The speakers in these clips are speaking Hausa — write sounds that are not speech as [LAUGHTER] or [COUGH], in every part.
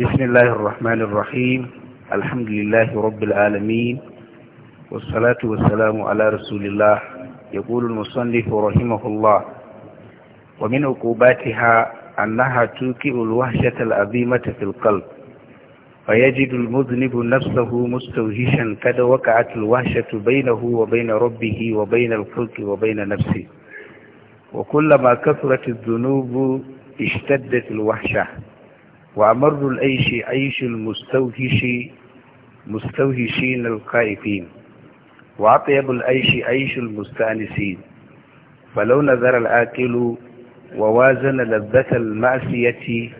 بسم الله الرحمن الرحيم الحمد لله رب العالمين والصلاة والسلام على رسول الله يقول المصنف رحمه الله ومن عقوباتها أنها توكئ الوحشة العظيمة في القلب فيجد المذنب نفسه مستوهشا قد وقعت الوحشة بينه وبين ربه وبين الخلق وبين نفسه وكلما كثرت الذنوب اشتدت الوحشة وأمر الأيش عيش المستوهش مستوهشين الخائفين وأطيب العيش عيش المستأنسين فلو نذر الآكل ووازن لذة المعصية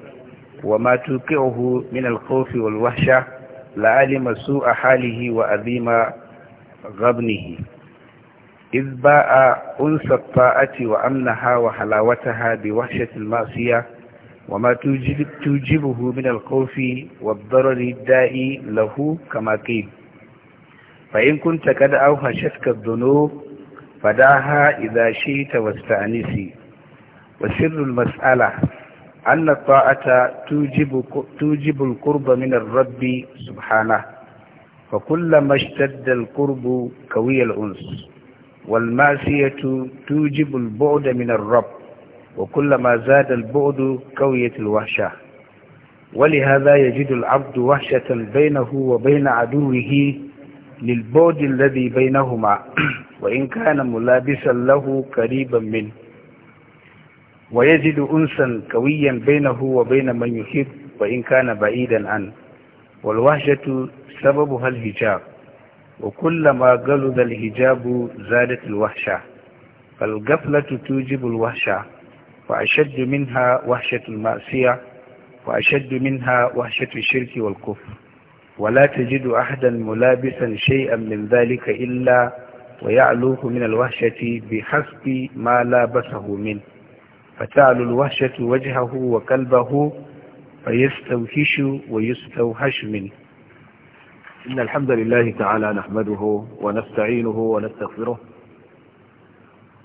وما توقعه من الخوف والوحشة لعلم سوء حاله وعظيم غبنه إذ باء أنس الطاعة وأمنها وحلاوتها بوحشة المعصية وما توجب توجبه من الخوف والضرر الدائي له كما قيل فإن كنت قد أوهشتك الذنوب فداها إذا شئت واستأنسي وسر المسألة أن الطاعة توجب, توجب القرب من الرب سبحانه فكلما اشتد القرب قوي الأنس والمعصية توجب البعد من الرب وكلما زاد البعد كويت الوحشة ولهذا يجد العبد وحشة بينه وبين عدوه للبعد الذي بينهما [CLEARS THROAT] وإن كان ملابسا له قريبا منه ويجد أنسا قويا بينه وبين من يحب وإن كان بعيدا عنه والوحشة سببها الحجاب وكلما قلد الحجاب زادت الوحشة فالغفلة توجب الوحشة وأشد منها وحشة المعصية وأشد منها وحشة الشرك والكفر ولا تجد أحدا ملابسا شيئا من ذلك إلا ويعلوه من الوحشة بحسب ما لابسه منه فتعلو الوحشة وجهه وقلبه فيستوحش ويستوحش منه إن الحمد لله تعالى نحمده ونستعينه ونستغفره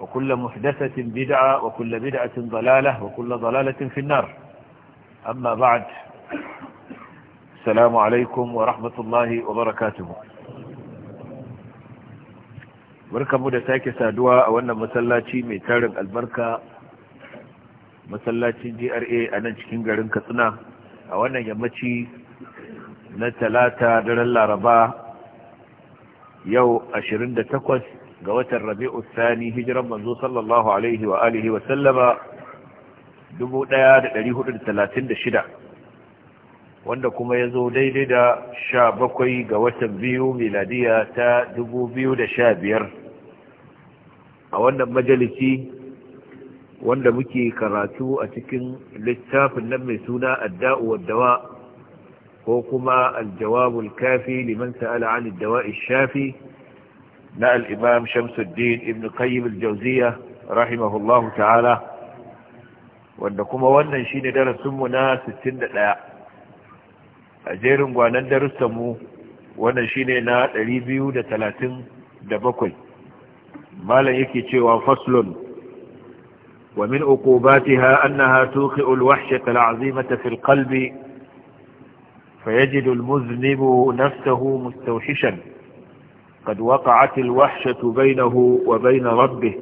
وكل محدثة بدعة وكل بدعة ضلالة وكل ضلالة في النار أما بعد السلام عليكم ورحمة الله وبركاته barkamu da sake saduwa a wannan masallaci mai tarin albarka masallacin GRA a nan cikin garin Katsina a wannan yammaci na talata daren Laraba yau 28 ga watan rabi'u sani hijiran manzo sallallahu alaihi wa alihi wa sallama 1436 wanda kuma ya zo daidai da 17 ga watan biyu miladiya ta 2015 a wannan majalisi wanda muke karatu a cikin littafin nan mai suna adda'u waddawa ko kuma aljawabul kafi liman sa'ala 'an dawai shafi نقل الإمام شمس الدين ابن قيم الجوزية رحمه الله تعالى وأنكم وانا نشين درسمنا ستين دلاء أجيرم وانا درسمو وانا نشيننا تريبيو دتلاتين دبكوي ما يكي تشيوا فصل ومن عقوباتها أنها توخئ الوحشة العظيمة في القلب فيجد المذنب نفسه مستوحشا قد وقعت الوحشة بينه وبين ربه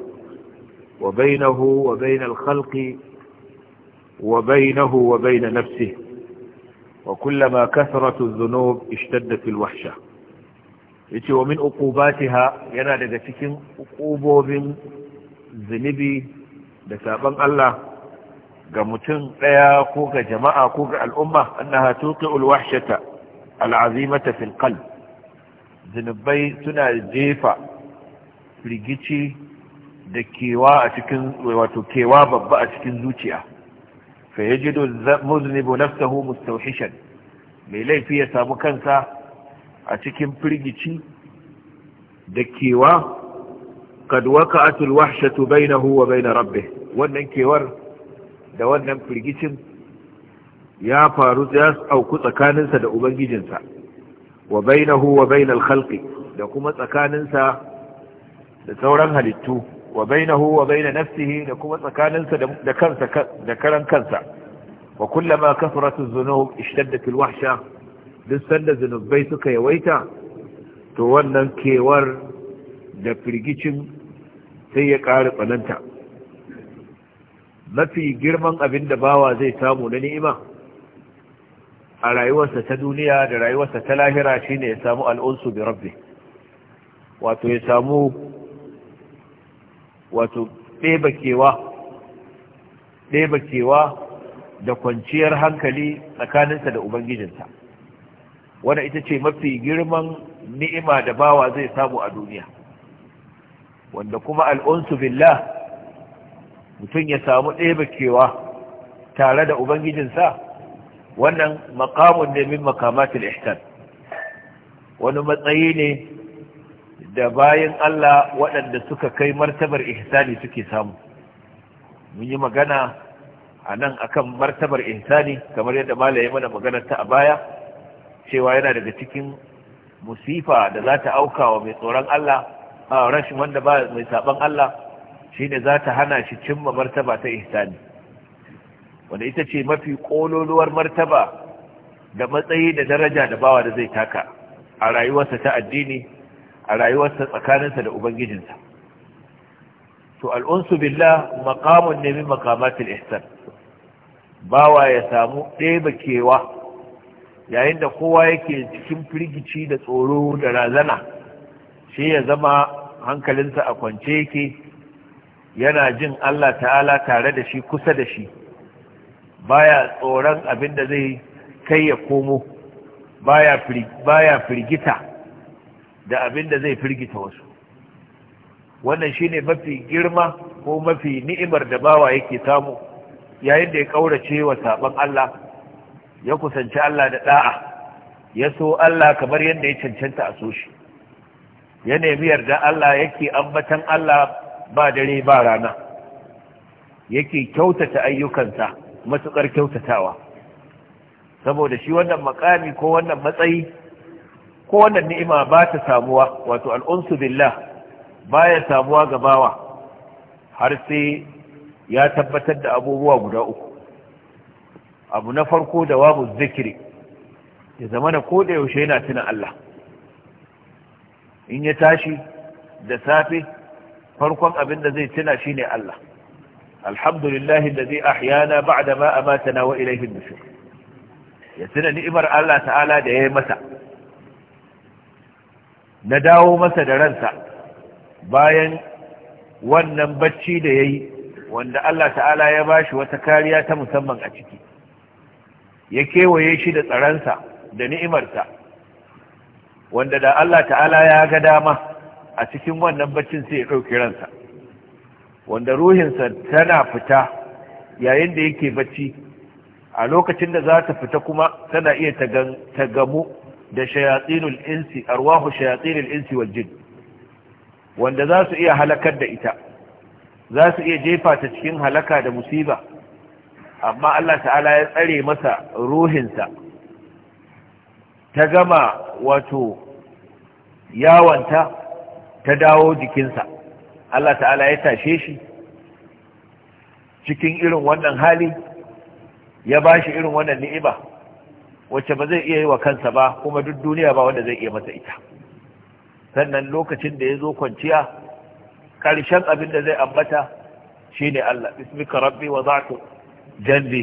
وبينه وبين الخلق وبينه وبين نفسه وكلما كثرت الذنوب اشتدت الوحشة يتي ومن أقوباتها ينادى ذاتكم أقوبوا من ذنبي لسابا الله قمتن ليا قوك جماعة قوك الأمة أنها توقع الوحشة العظيمة في القلب zunubai suna jefa rigici da kewa a cikin wato kewa babba a cikin zuciya fa yajidu muznibu nafsahu mustawhishan mai laifi ya samu kansa a cikin firgici da kewa kad bai na bainahu wa bain rabbih wannan kewar da wannan firgicin ya faru ya auku tsakaninsa da ubangijinsa wa bainahu wa bainal khalqi da kuma tsakaninsa da sauran halittu wa bainahu wa baina nafsihi da kuma tsakaninsa da kansa da karan kansa wa kullama kasratu dhunub ishtaddat alwahsha duk sanda zunubai suka yawaita to wannan kewar da firgicin sai ya ƙara tsananta mafi girman abin da bawa zai samu na ni'ima a rayuwarsa ta duniya da rayuwarsa ta lahira shi ne ya samu al'unsu bi rabbi wato ya samu wato ɗeba kewa da kwanciyar hankali tsakaninsa da ubangijinsa wadda ita ce mafi girman ni'ima da bawa zai samu a duniya wanda kuma al'unsu billah mutum ya samu ɗeba kewa tare da ubangijinsa wannan makamun ne min makamatul ihsan wani matsayi ne da bayan Allah waɗanda suka kai martabar ihsani suke samu mun yi magana a nan akan martabar ihsani kamar yadda malaye mana magana ta a baya cewa yana daga cikin musifa da za ta auka wa mai tsoron Allah a rashin wanda ba mai saɓon Allah shine za ta hana shi cimma martaba ta ihsani wanda ita ce mafi kololuwar martaba da matsayi da daraja da bawa da zai taka a rayuwarsa ta addini a rayuwarsa tsakaninsa da ubangijinsa to al'unsu billah maqamun ne min maqamatil ihsan bawa ya samu ɗeba kewa yayin da kowa yake cikin firgici da tsoro da razana shi ya zama hankalinsa a kwance yake yana jin Allah ta'ala tare da shi kusa da shi baya tsoron abin da zai kai ya komo baya firgita da abin da zai firgita wasu wannan shine mafi girma ko mafi ni'imar da bawa yake samu yayin da ya kaurace wa saban Allah ya kusanci Allah da da'a ya so Allah kamar yadda ya cancanta a so shi ya nemi yarda Allah yake ambatan Allah ba dare ba rana yake kyautata ayyukansa matukar kyautatawa saboda shi wannan makami ko wannan matsayi ko wannan ni'ima ba ta samuwa wato al'unsu billah baya samuwa ga bawa har sai ya tabbatar da abubuwa guda uku abu na farko da wabu zikiri ya zama na koda yaushe yana tuna Allah in ya tashi da safe farkon abin da zai tuna shine Allah alhamdulillahi allazi ahyana ba'da ma amatana wa ilayhi an-nushur ya tuna ni'imar Allah ta'ala da yayi masa na dawo masa da ransa bayan wannan bacci da yayi wanda Allah ta'ala ya bashi wata kariya ta musamman a ciki ya kewaye shi da tsaransa da ni'imarsa wanda da Allah ta'ala ya ga dama a cikin wannan baccin sai ya ɗauki ransa wanda ruhinsa tana fita yayin da yake bacci a lokacin da za ta fita kuma tana iya ta gamu da shayatsinul insi arwahu shayatsinul insi wal jin wanda za su iya halakar da ita za su iya jefa ta cikin halaka da musiba amma Allah ta'ala ya tsare masa ruhinsa ta gama wato yawanta ta dawo jikinsa Allah ta'ala ya tashe shi cikin irin wannan hali ya ba shi irin wannan ni'iba, wacce ba zai iya yi wa kansa ba kuma duk duniya ba wanda zai iya masa ita sannan lokacin da ya zo kwanciya ƙarshen abin da zai ambata shi ne Allah ismika rabbi wa za'atu janbi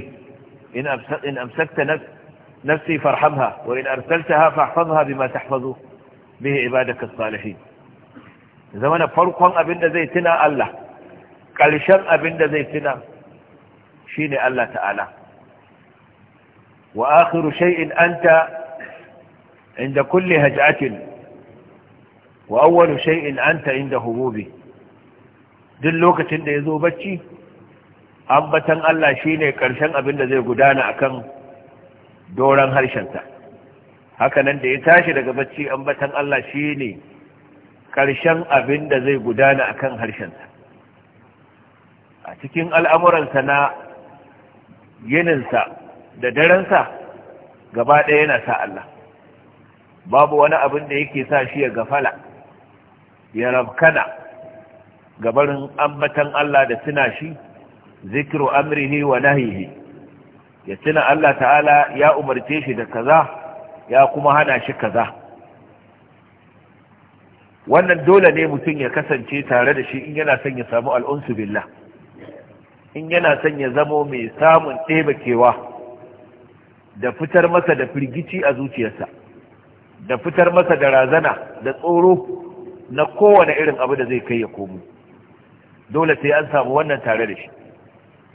in amsakta nafsi farhamha wa in arsaltaha fahfazha bima tahfazu bihi ibadaka as-salihin zama na farkon abin da zai tuna Allah ƙarshen abin da zai tuna shi ne Allah ta'ala wa akhiru shay'in anta inda kulli haj'atin wa awwalu shay'in anta inda hububi duk lokacin da yazo bacci ambatan Allah ne ƙarshen abin da zai gudana akan doran harshen sa, haka nan da ya tashi daga bacci ambatan Allah shi ne. ƙarshen abin da zai gudana a kan harshensa a cikin al'amuransa na yininsa da darensa gaba ɗaya yana sa Allah babu wani abin da yake sa shi ya gafala ya rabkana gabarin ambatan Allah da tuna shi zikiru amrihi wa nahihi ya tuna Allah ta'ala ya umarce shi da kaza ya kuma hana shi kaza wannan dole ne mutum ya kasance tare da shi in yana son ya samu al'unsu billah in yana son ya zamo mai samun ɗebakewa da fitar masa da firgici a zuciyarsa da fitar masa da razana da tsoro na kowane irin abu da zai kai ya komo dole sai an samu wannan tare da shi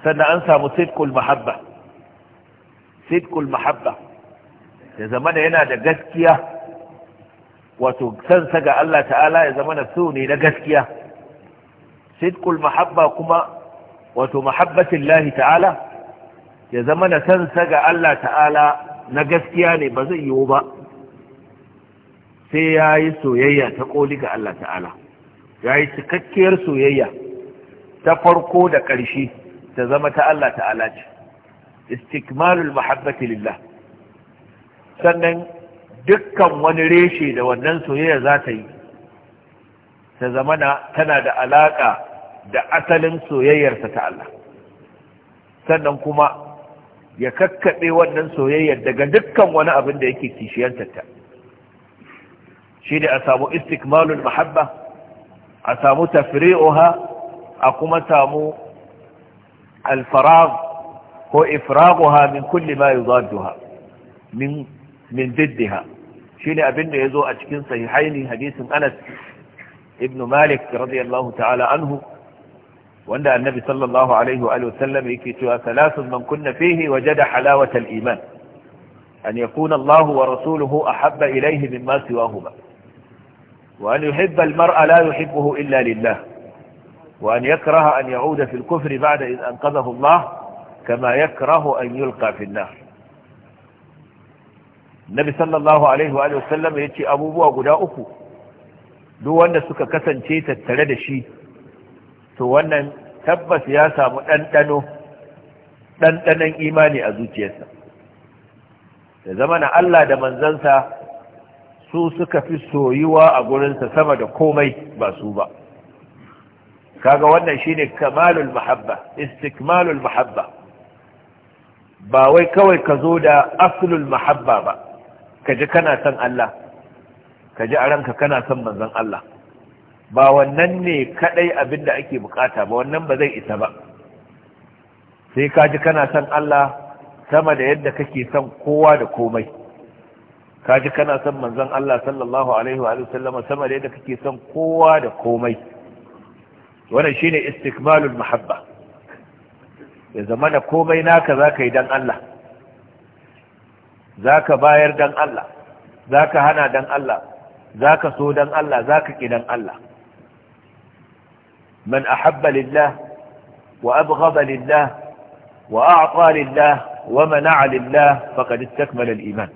sannan an samu sidkul mahabba sidkul mahabba ya zama da yana da gaskiya wato sansa ga Allah ta'ala ya zama na so ne na gaskiya sidqul mahabba kuma wato mahabbatin lahi ta'ala ya zama na sansa ga Allah ta'ala na gaskiya ne ba zai yiwu ba sai ya yi soyayya ta koli ga Allah ta'ala ya yi cikakkiyar soyayya ta farko da ƙarshe ta zama ta Allah ta'ala ce istikmalul mahabbati lillah sannan dukkan wani reshe da wannan soyayya za ta yi ta zamana tana da alaƙa da asalin soyayyarsa ta Allah sannan kuma ya kakkaɓe wannan soyayyar daga dukkan wani abin da yake kishiyantar ta shi ne a samu istikmalul mahabba a samu tafri'uha a kuma samu alfarag ko ifraguha min kulli ma yuzadduha min min diddiha shine abin da yazo a cikin sahihaini hadisin Anas ibn Malik radiyallahu ta'ala anhu wanda annabi sallallahu alaihi wa sallam yake cewa salasun man kunna fihi wajada halawata al-iman an yakuna Allah wa rasuluhu ahabba ilayhi mimma siwahuma wa an yuhibba al-mar'a la yuhibbuhu illa lillah وأن يكره أن يعود في الكفر بعد إذ أنقذه الله كما يكره أن يلقى في النار nabi sallallahu alaihi wa sallam ya ce abubuwa guda uku duk wanda suka kasance tattare da shi to wannan tabbas ya samu ɗanɗano ɗanɗanon imani a zuciyarsa da zama na Allah da manzansa su suka fi soyuwa a gurinsa sama da komai ba su ba kaga wannan shine kamalul mahabba istikmalul mahabba ba wai kawai ka zo da aslul mahabba ba ka ji kana son Allah ka ji a kana son manzon Allah ba wannan ne kadai abin da ake bukata ba wannan ba zai isa ba sai ka ji kana son Allah sama da yadda kake son kowa da komai ka ji kana son manzon Allah sallallahu alaihi wa sallama sama da yadda kake son kowa da komai wannan shine istikmalul mahabba ya zama da komai naka zaka yi dan Allah zaka bayar dan Allah zaka hana dan Allah zaka so dan Allah zaka ki dan Allah man ahabba lillah wa abghada lillah wa a'ta lillah wa mana'a lillah faqad istakmala al-iman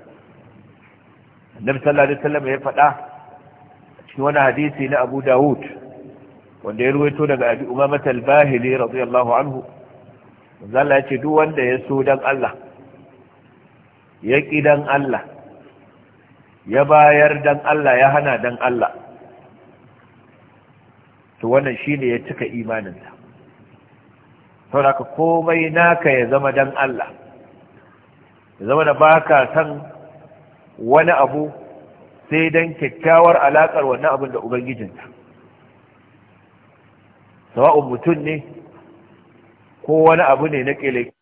annabi sallallahu alaihi wasallam ya faɗa cikin wani hadisi na Abu Dawud wanda ya ruwaito daga Abi Umamah al-Bahili radiyallahu anhu zalla ya ce duk wanda ya so dan Allah ya ƙi dan Allah ya bayar dan Allah ya hana dan Allah to wannan shine ya cika imaninsa saboda komai naka ya zama dan Allah ya zama da baka san wani abu sai dan kyakkyawar alakar wannan abin da ubangijinta, sawa'un mutum ne ko wani abu ne na ƙeleke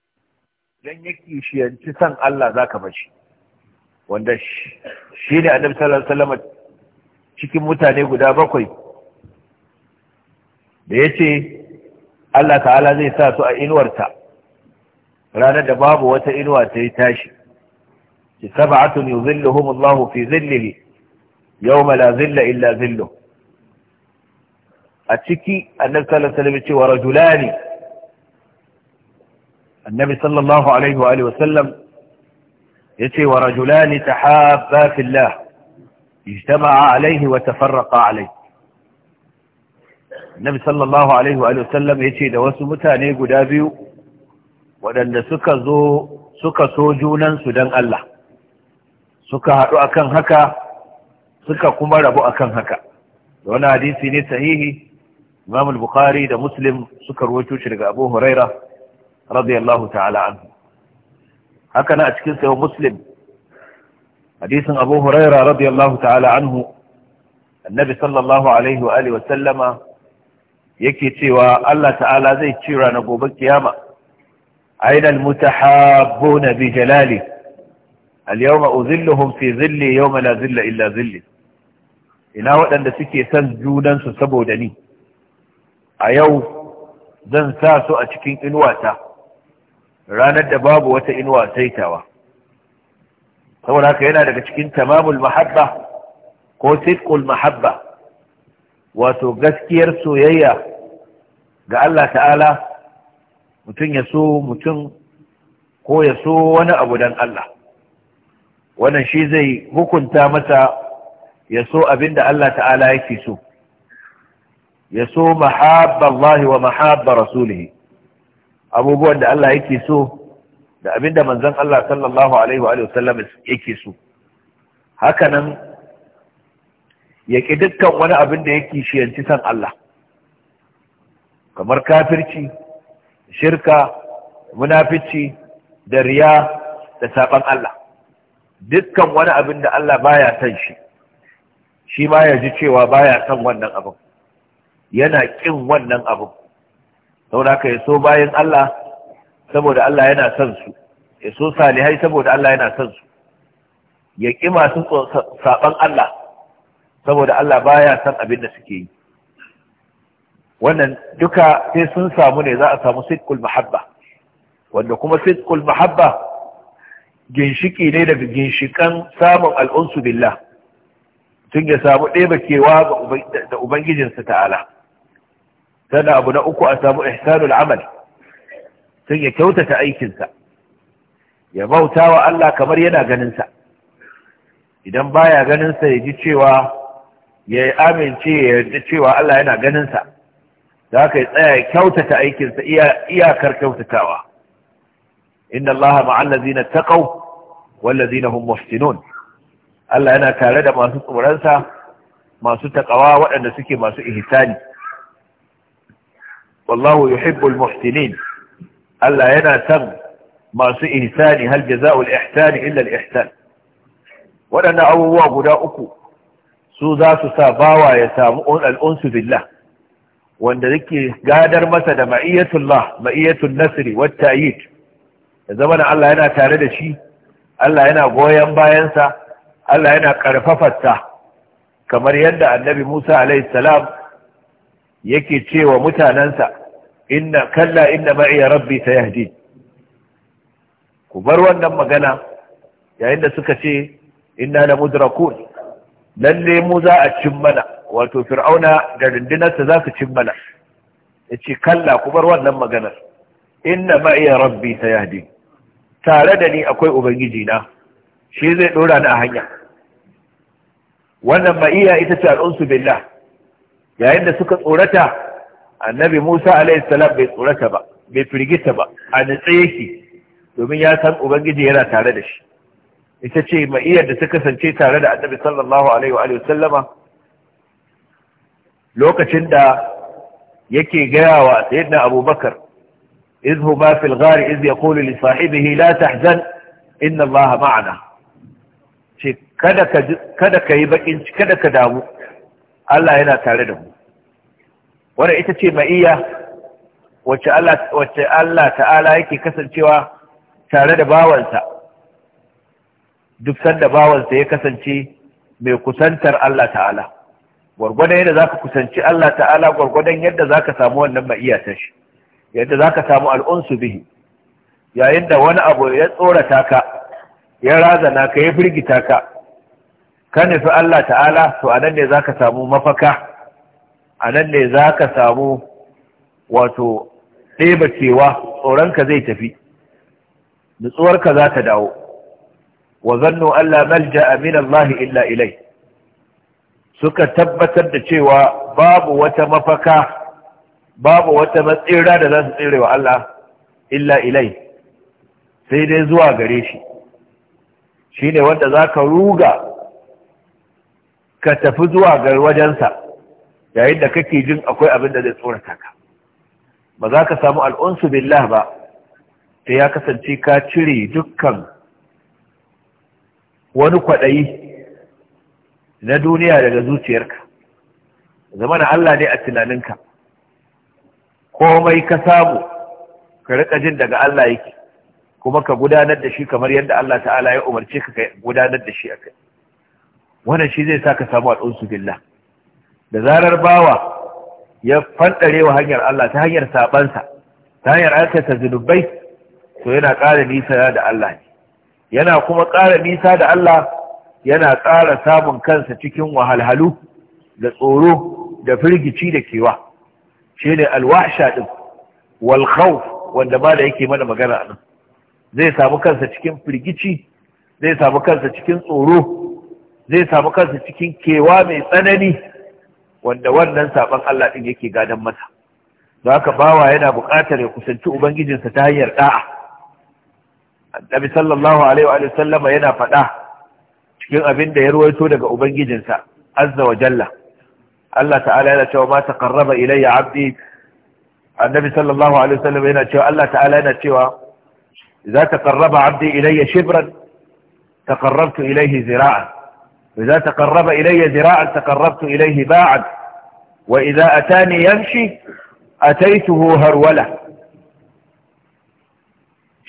idan ya kishiyanci san Allah za ka bashi wanda shi ne annabi sallallahu alaihi wasallam cikin mutane guda bakwai da ya ce Allah ta'ala zai sa su a inuwarta ranar da babu wata inuwa ta yi tashi ki sab'atun yuzilluhum Allahu fi zillihi yawma la zilla illa zilluh a ciki annabi sallallahu alaihi wasallam ya ce wa rajulani annabi sallallahu alaihi wa alihi wasallam yace wa rajulani tahabba fillah ijtama'a alaihi wa tafarraqa alaihi annabi sallallahu alaihi wa alihi yace da wasu mutane guda biyu waɗanda suka zo suka so junansu dan Allah suka haɗu akan haka suka kuma rabu akan haka Da wani hadisi ne sahihi imamul al-bukhari da muslim suka rawaito shi daga abu huraira radiyallahu ta'ala anhu haka na a cikin sayo muslim hadisin abu huraira radiyallahu ta'ala anhu annabi sallallahu alaihi wa alihi wasallama yake cewa Allah ta'ala zai cira na gobe kiyama aina almutahabbuna bi jalali al-yawma udhilluhum fi dhilli yawma la dhilla illa dhilli ina waɗanda suke son junansu saboda ni a yau zan sa su a cikin inuwata ranar da babu wata inuwa saitawa saboda haka yana daga cikin tamamul mahabba ko sidqul mahabba wato gaskiyar soyayya ga Allah ta'ala mutum ya so mutum ko ya so wani abu dan Allah wannan shi zai hukunta masa ya so da Allah ta'ala yake so ya so mahabba Allah wa mahabba rasulihi abubuwan da Allah yake so da abinda manzon Allah sallallahu alaihi wa sallam yake so hakanan ya ƙi dukkan wani abin da yake shiyanci san Allah kamar kafirci shirka munafici da riya da saban Allah dukkan wani abin da Allah baya san shi shi ma ya ji cewa baya san wannan abin yana ƙin wannan abin saboda ka yaso bayan Allah saboda Allah yana son su yaso salihai saboda Allah yana son su ya ƙi masu saɓan Allah saboda Allah baya son abin da suke yi wannan duka sai sun samu ne za a samu sidkul mahabba wanda kuma sidkul mahabba ginshiki ne daga ginshikan samun al'unsu billah tun ya samu ɗeba kewa da ubangijinsa ta'ala sannan abu na uku a samu ihsanul amal sun ya kyautata aikinsa ya bauta wa Allah kamar yana ganinsa idan baya ganinsa ya ji cewa ya amince ya ji cewa Allah yana ganinsa da haka ya tsaya ya kyautata aikinsa iyakar kyautatawa inna Allah taƙau, taqaw zina hum muhsinun Allah yana tare da masu tsoronsa masu taƙawa waɗanda suke masu ihsani wallahu yuhibbul muhsinin Allah yana san masu ihsani hal jaza'ul ihsani illa al ihsan waɗannan abubuwa guda uku su zasu sa bawa ya samu al'unsu billah wanda yake gadar masa da ma'iyatullah ma'iyatul nasri wat ta'yid ya zama da Allah yana tare da shi Allah yana goyon bayansa Allah yana karfafarsa kamar yadda annabi Musa alaihi salam yake cewa mutanansa inna kalla inna ma'iya rabbi sayahdi ku bar wannan magana yayin da suka ce inna la mudrakun lalle mu za a cin mana wato fir'auna da rundunarsa za su cin mana yace kalla ku bar wannan maganar inna ma'iya rabbi sayahdi tare da ni akwai ubangiji na shi zai dora ni a hanya wannan ma'iya ita ce al'unsu billah yayin da suka tsorata annabi Musa alaihi salam bai tsorata ba bai firgita ba a nitsa yake domin ya san ubangiji yana tare da shi ita ce ma'iyar da ta kasance tare da annabi sallallahu alaihi wa sallama lokacin da yake gaya wa sayyidina abubakar iz huma fil ghari iz yaqulu li sahibihi la tahzan inna allaha ma'ana ce kada ka kada yi bakin kada ka damu Allah yana tare da mu wanda ita ce ma'iya wacce Allah wacce Allah ta'ala yake kasancewa tare da bawansa duk sanda bawansa ya kasance mai kusantar Allah ta'ala gwargwadon yadda zaka kusanci Allah ta'ala gwargwadon yadda zaka samu wannan ma'iya ta shi yadda zaka samu al'unsu bihi yayin da wani abu ya tsorata ka ya razana ka ya firgita ka ka nufi Allah ta'ala to a nan ne za ka samu mafaka a nan ne za ka samu wato ɗeba cewa tsoronka zai tafi nutsuwarka za ta dawo wa zannu Allah malja amin Allah illa ilai suka tabbatar da cewa babu wata mafaka babu wata matsira da za su tsere wa Allah illa ilai sai dai zuwa gare shi shi ne wanda za ka ruga ka tafi zuwa ga wajensa yayin da kake jin akwai abin da zai tsorata ka ba za ka samu al'unsu billah ba ta ya kasance ka cire dukkan wani kwaɗayi na duniya daga zuciyarka zama na Allah ne a tunaninka komai ka samu ka riƙa jin daga Allah yake kuma ka gudanar da shi kamar yadda Allah ta'ala ya umarce ka gudanar da shi a kai wannan shi zai saka samu al'unsu billah da zarar bawa ya fandare wa hanyar Allah ta hanyar sabansa ta hanyar aikata zunubai to yana ƙara nisa da Allah ne yana kuma ƙara nisa da Allah yana ƙara samun kansa cikin wahalhalu da tsoro da firgici da kewa shi ne alwasha ɗin walkhawf wanda ba da yake mana magana nan zai samu kansa cikin firgici zai samu kansa cikin tsoro zai samu kansa cikin kewa mai tsanani wanda wannan saban Allah ɗin yake gadon masa Za ka bawa yana buƙatar ya kusanci ubangijinsa ta hanyar ɗa'a. annabi sallallahu alaihi wa sallama yana faɗa cikin abin da ya ruwaito daga ubangijinsa azza wa jalla Allah ta'ala yana cewa ma taqarraba ilayya 'abdi annabi sallallahu alaihi wa sallama yana cewa Allah ta'ala yana cewa idza taqarraba 'abdi ilayya shibran taqarrabtu ilayhi zira'an إذا تقرب إلي ذراعا تقربت إليه باعا وإذا أتاني يمشي أتيته هرولة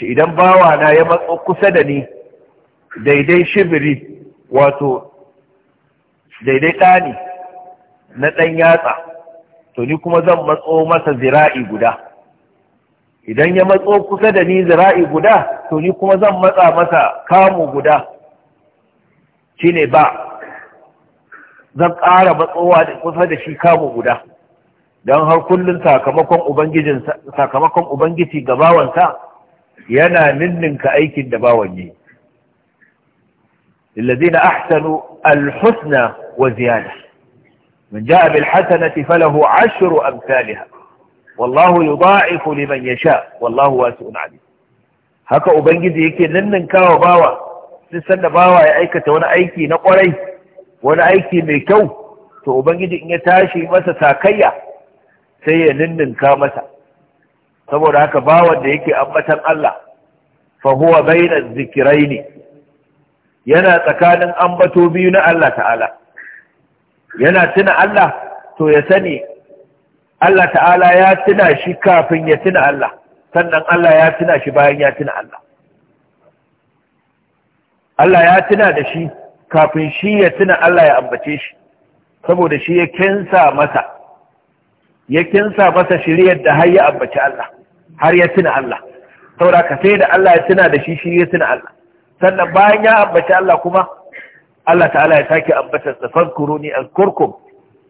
إذا باوانا يمقصدني daidai shibiri wato daidai ɗani na ɗan yatsa to ni kuma zan matso masa zira'i guda idan ya matso kusa da ni zira'i guda to ni kuma zan matsa masa kamu guda shine ba zan ƙara matsowa kusa da shi kamu guda don har kullum sakamakon ubangijin sakamakon ubangiji ga bawansa yana ninninka aikin da bawan yi lillazina ahsanu alhusna wa ziyada من جاء بالحسنة فله ya أمثالها والله يضاعف لمن يشاء والله واسع عليم haka ubangiji yake ninninka wa bawa duk sanda bawa ya aikata wani aiki na kwarai wani aiki mai kyau to ubangiji in ya tashi masa takayya sai ya ninninka masa saboda haka bawan da yake ambatan Allah fa huwa zikirai ne. yana tsakanin ambato biyu na Allah ta'ala yana tuna Allah to ya sani Allah ta'ala ya tuna shi kafin ya tuna Allah sannan Allah ya tuna shi bayan ya tuna Allah Allah ya tuna da shi kafin shi ya tuna Allah ya ambace shi saboda shi ya kinsa masa ya kinsa masa shiryar da har ya ambaci Allah har ya tuna Allah saboda ka sai da Allah ya tuna da shi shi ya tuna Allah sannan bayan ya ambaci Allah kuma Allah ta'ala ya sake ambatar sa fadkuruni azkurkum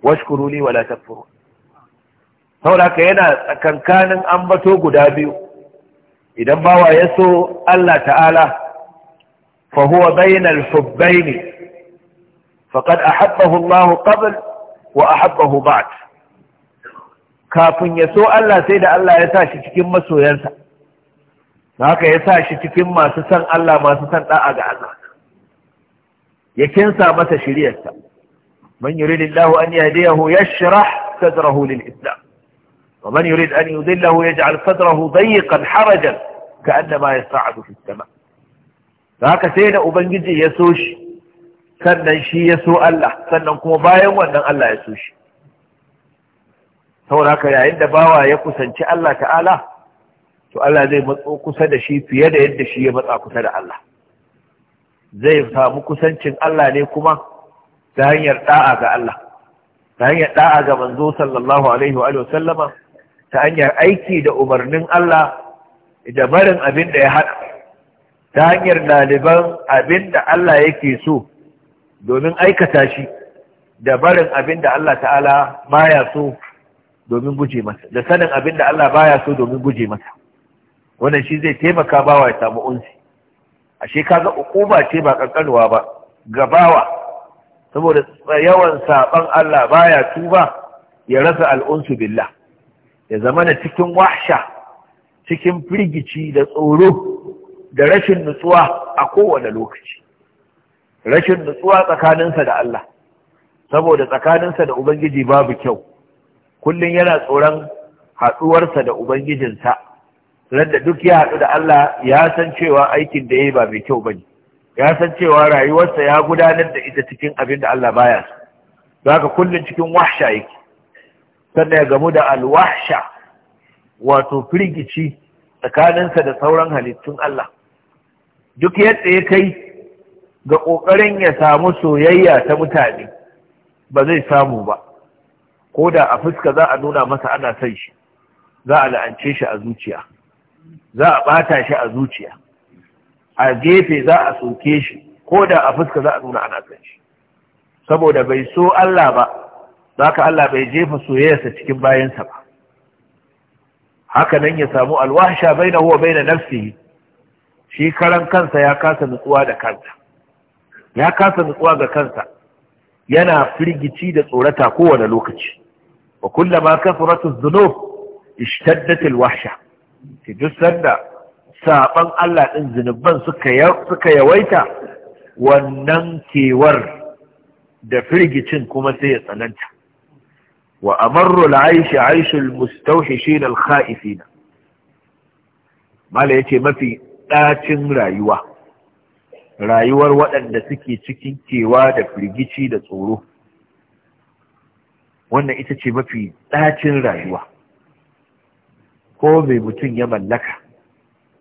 washkuruni wala takfurun saboda ka yana tsakankanin ambato guda biyu idan bawa ya so Allah ta'ala فهو بين الحبين فقد أحبه الله قبل وأحبه بعد كافن يسوء الله سيد الله يساشي تكيما سوء ينسى لذلك يساشي تكيما سسن الله ما سسن لا أقع الله يكنسى متى شريعة من يريد الله أن يهديه يشرح صدره للإسلام ومن يريد أن يذله يجعل صدره ضيقا حرجا كأنما يصعد في السماء da haka sai da ubangiji ya so shi sannan shi ya so Allah sannan kuma bayan wannan Allah ya so shi sau haka yayin da bawa ya kusanci Allah ta'ala to Allah zai matso kusa da shi fiye da yadda shi ya matsa kusa da Allah zai samu kusancin Allah ne kuma ta hanyar da'a ga Allah ta hanyar da'a ga manzo sallallahu alaihi wa sallama ta hanyar aiki da umarnin Allah da barin abin da ya haɗa. ta hanyar ɗaliban abin da Allah yake so domin aikata shi da barin abin da Allah ta'ala baya so domin guje masa da sanin abin da Allah baya so domin guje masa wannan shi zai taimaka bawa ya samu unsi ashe uku ba ce ba kankanuwa ba gabawa saboda yawan saban Allah baya tuba ya rasa al'unsu billah ya zama na cikin wahsha cikin firgici da tsoro da rashin nutsuwa a kowane lokaci rashin nutsuwa tsakaninsa da Allah saboda tsakaninsa da ubangiji babu kyau kullum yana tsoron haɗuwarsa da ubangijinsa Randa duk ya haɗu da Allah ya san cewa aikin da ya ba mai kyau bane ya san cewa rayuwarsa ya gudanar da ita cikin abin da Allah baya Za ka kullum cikin wahsha yake sannan ya gamu da alwahsha wato firgici tsakaninsa da sauran halittun Allah duk yadda ya kai ga ƙoƙarin ya samu soyayya ta mutane ba zai samu ba ko da a fuska za a nuna masa ana son shi za a la'ance shi a zuciya za a ɓata shi a zuciya a gefe za a soke shi ko da a fuska za a nuna ana son shi saboda bai so Allah ba za ka Allah bai jefa soyayyarsa cikin bayansa ba haka nan ya samu alwasha bai na huwa bai na nafsihi shi karan kansa ya kasa nutsuwa da kansa ya kasa nutsuwa ga kansa yana firgici da tsorata kowane lokaci wa kullama kafaratu dhunub ishtaddat alwahsha ki duk sanda saban Allah din zinuban suka suka yawaita wannan kewar da firgicin kuma sai ya tsananta wa amarru Aisha, aishul mustawhishin al-khaifin mala yace mafi ɗacin rayuwa rayuwar waɗanda suke cikin kewa da firgici da tsoro wannan ita ce mafi ɗacin rayuwa ko mai mutum ya mallaka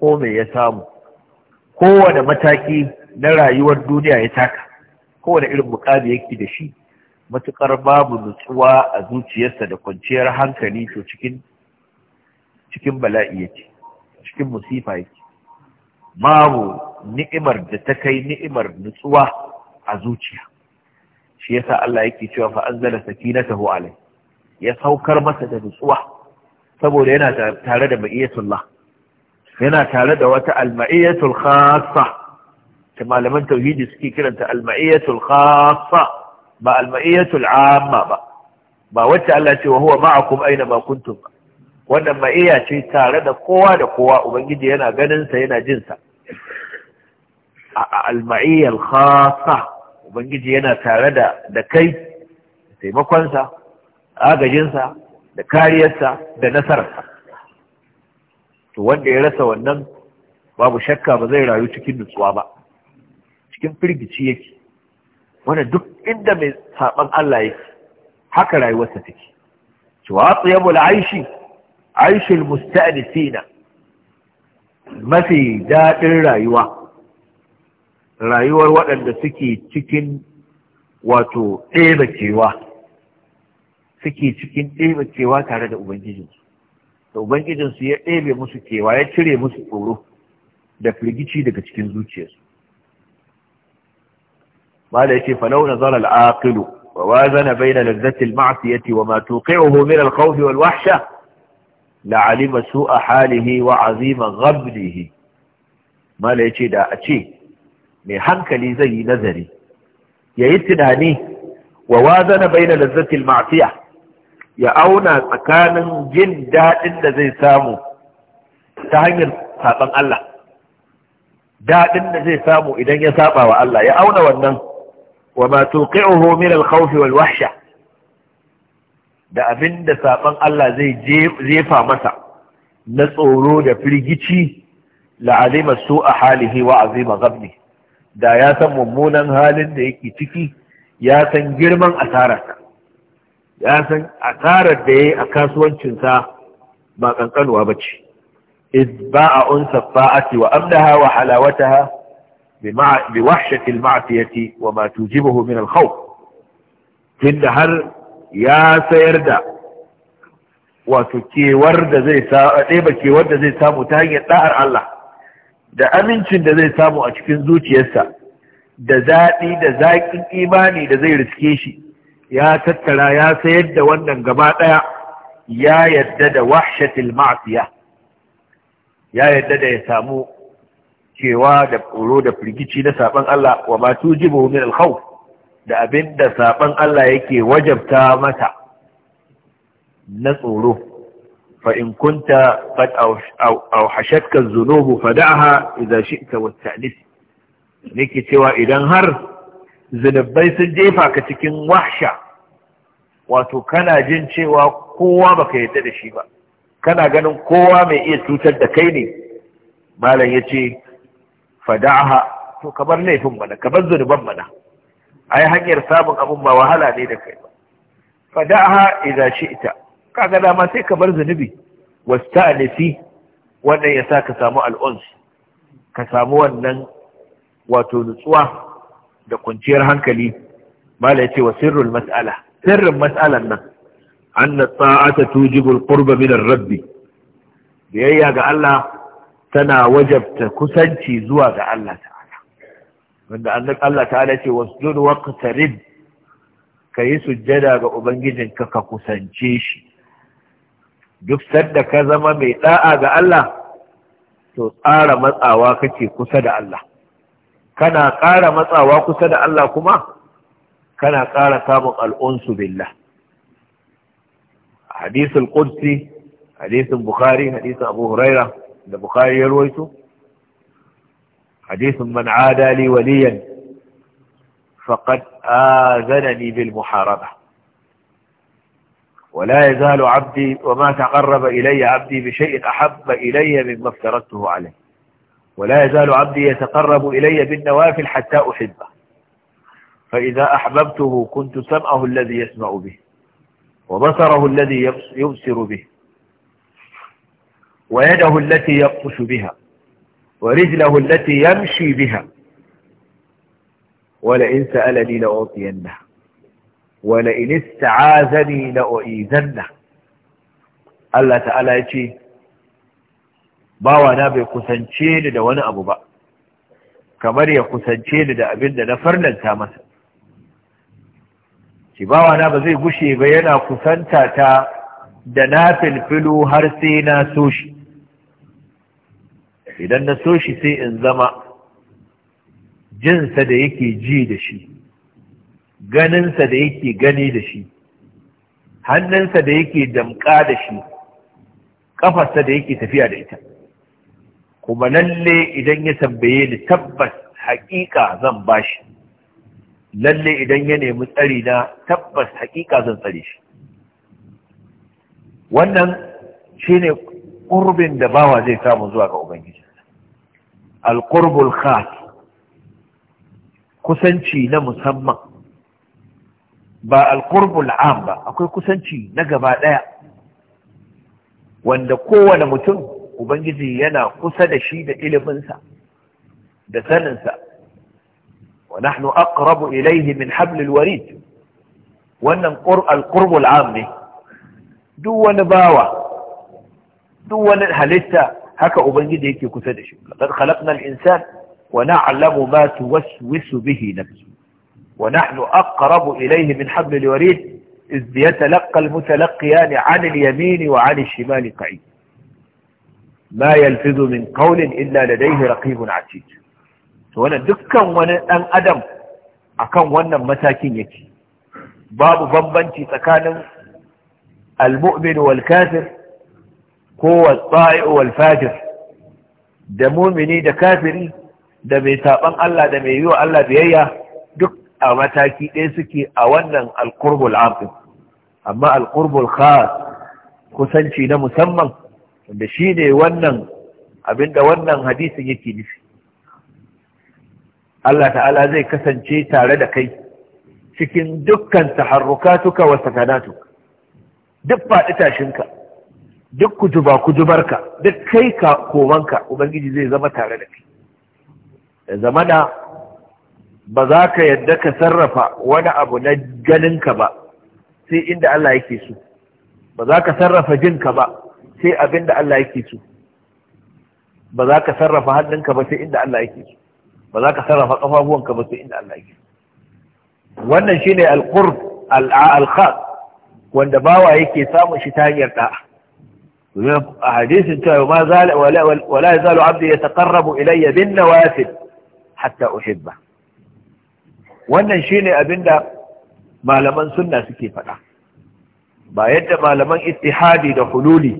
ko mai ya samu kowane mataki na rayuwar duniya ya taka kowane irin mukami yake da shi matuƙar babu nutsuwa a zuciyarsa da kwanciyar hankali to cikin cikin bala'i yake cikin musifa yake babu ni'imar da ta kai ni'imar nutsuwa a zuciya shi yasa Allah yake cewa fa anzala sakinatahu alai ya saukar masa da nutsuwa saboda yana tare da ma'iyatullah yana tare da wata alma'iyatul khassa ta malaman tauhidi suke kiranta alma'iyatul khassa ba alma'iyatul amma ba ba wacce Allah ce wa huwa ma'akum aina ma kuntum wannan ma'iya ce tare da kowa da kowa ubangiji yana ganin sa yana jin sa al-ma'iyyal khassa ubangiji yana tare da da kai taimakonsa agajinsa da kariyarsa da nasararsa to wanda ya rasa wannan babu shakka ba zai rayu cikin nutsuwa ba cikin firgici yake wanda duk inda mai saban Allah yake haka rayuwarsa take cewa tsayabul aishi aishil musta'nisina mafi daɗin rayuwa rayuwar waɗanda suke cikin wato ɗebacewa suke cikin ɗebacewa tare da ubangijinsu da ubangijinsu ya ɗebe musu kewa ya cire musu tsoro da firgici daga cikin zuciyarsu da yace falau nazara al-aqilu wa zana bai ladzati al-ma'siyati wa mato tuqi'uhu min al-khawfi wal-wahsha su a halihi wa 'azima Ma da yace da a ce mai hankali zai yi nazari ya yi tunani wa wazana bai na lazzatil ma'asiya ya auna tsakanin jin daɗin da zai samu ta hanyar saɓan Allah daɗin da zai samu idan ya saɓa wa Allah ya auna wannan wa ma tuqi'uhu min al-khawf wal wahsha da abinda saɓan Allah zai jefa masa na tsoro da firgici la'azima su a halihi wa azima gabni da ya san mummunan halin da yake ciki ya san girman asararsa ya san asarar da ya yi a kasuwancinsa ba kankanuwa ba ce ba a fa'ati wa amdaha wa halawataha bi wahshati al wa ma tujibuhu min al-khawf tunda har ya sayar da wato da zai kewar da zai samu ta hanyar da'ar Allah da amincin da zai samu a cikin zuciyarsa da zaɗi da zaƙin imani da zai riske shi ya tattara ya sayar da wannan gaba ɗaya ya yadda da wahshatil ma'asiya ya yadda da ya samu cewa da tsoro da firgici na saban Allah wa ma tujibu min al-khawf da abinda saban Allah yake wajabta mata na tsoro فإن كنت قد Zunubu, الذنوب فدعها إذا شئت والتأنيس nake cewa idan har zunubai sun jefa ka cikin wahsha wato kana jin cewa kowa baka yadda da shi ba kana ganin kowa mai iya cutar da kai ne malam ya ce fada'aha to kamar laifin mana kamar zunuban mana ai hanyar samun abun ba wahala ne da kai ba fada'aha idza shi'ta kaga dama sai ka bar zunubi wasta'nifi wannan ya sa ka samu al'uns ka samu wannan wato nutsuwa da kwanciyar hankali mala ce wa sirrul mas'ala sirrin mas'alan nan anna ta'ata tujibu al-qurba min ar biyayya ga Allah tana wajabta kusanci zuwa ga Allah ta'ala wanda annabi Allah ta'ala ce wasjud waqtarib kayi sujjada ga ubangijinka ka kusance shi duk sadda ka zama mai da'a ga Allah to tsara matsawa kake kusa da Allah kana ƙara matsawa kusa da Allah kuma kana ƙara samun al'unsu billah hadisul qudsi hadisin bukhari hadisin abu huraira da bukhari ya ruwaito hadisin man adali waliyan faqad azanani bil muharaba ولا يزال عبدي وما تقرب إلي عبدي بشيء أحب إلي مما افترضته عليه ولا يزال عبدي يتقرب إلي بالنوافل حتى أحبه فإذا أحببته كنت سمعه الذي يسمع به وبصره الذي يبصر به ويده التي يبطش بها ورجله التي يمشي بها ولئن سألني لأعطينه wala in ista'azani la u'izanna Allah ta'ala ya ce bawana bai kusance ni da wani abu ba kamar ya kusance ni da abin da na farnanta masa Ki bawana ba zai gushe ba yana kusanta ta da na filfilo har sai na so shi idan na so shi sai in zama jinsa da yake ji da shi ganinsa da yake gani da shi hannunsa da yake damka da shi ƙafarsa da yake tafiya da ita kuma lalle idan ya tambaye ni tabbas haƙiƙa zan bashi lalle idan ya nemi tsari na tabbas haƙiƙa zan tsare shi wannan shine ƙurbin da bawa zai samu zuwa ga ubangiji alƙurbul khas kusanci na musamman ba alƙurbul am ba akwai kusanci na gaba ɗaya wanda kowane mutum ubangiji yana kusa da shi da iliminsa da saninsa wa nahnu aqrabu ilayhi min hablil warid wannan alƙurbul am ne duk wani bawa duk wani halitta haka ubangiji yake kusa da shi laqad khalaqna al-insana wa na'lamu ma tuwaswisu bihi nafsuhu ونحن أقرب إليه من حبل الوريد إذ يتلقى المتلقيان عن اليمين وعن الشمال قعيد ما يلفظ من قول إلا لديه رقيب عتيد وانا دكا وانا أن أدم أكن وانا متاكين يكي باب بمبنتي تكان المؤمن والكافر هو الطائع والفاجر دمومني دكافري دمي كافري الله دمي يو الله بيئيه a mataki ɗaya suke a wannan alkurbul aqim amma alkurbul khas kusanci na musamman da shi ne wannan abinda wannan hadisin yake nufi Allah ta'ala zai kasance tare da kai cikin dukkan taharrukatuka wa sakanatuka duk faɗi tashinka duk kujuba kujubarka duk kai ka komanka ubangiji zai zama tare da kai da zamana ba za ka yadda ka sarrafa wani abu na ganinka ba sai inda Allah yake so ba za ka sarrafa jinka ba sai abinda Allah yake so ba za ka sarrafa hannunka ba sai inda Allah yake so ba za ka sarrafa kafafuwanka ba sai inda Allah yake so wannan shine al-qurb al-khas wanda bawa yake samun shi ta hanyar da'a a hadisin cewa ma zala wala yazalu abdi yataqarrabu ilayya bin nawafil hatta uhibba wannan shine da malaman sunna suke faɗa ba yadda malaman ittihadi da hululi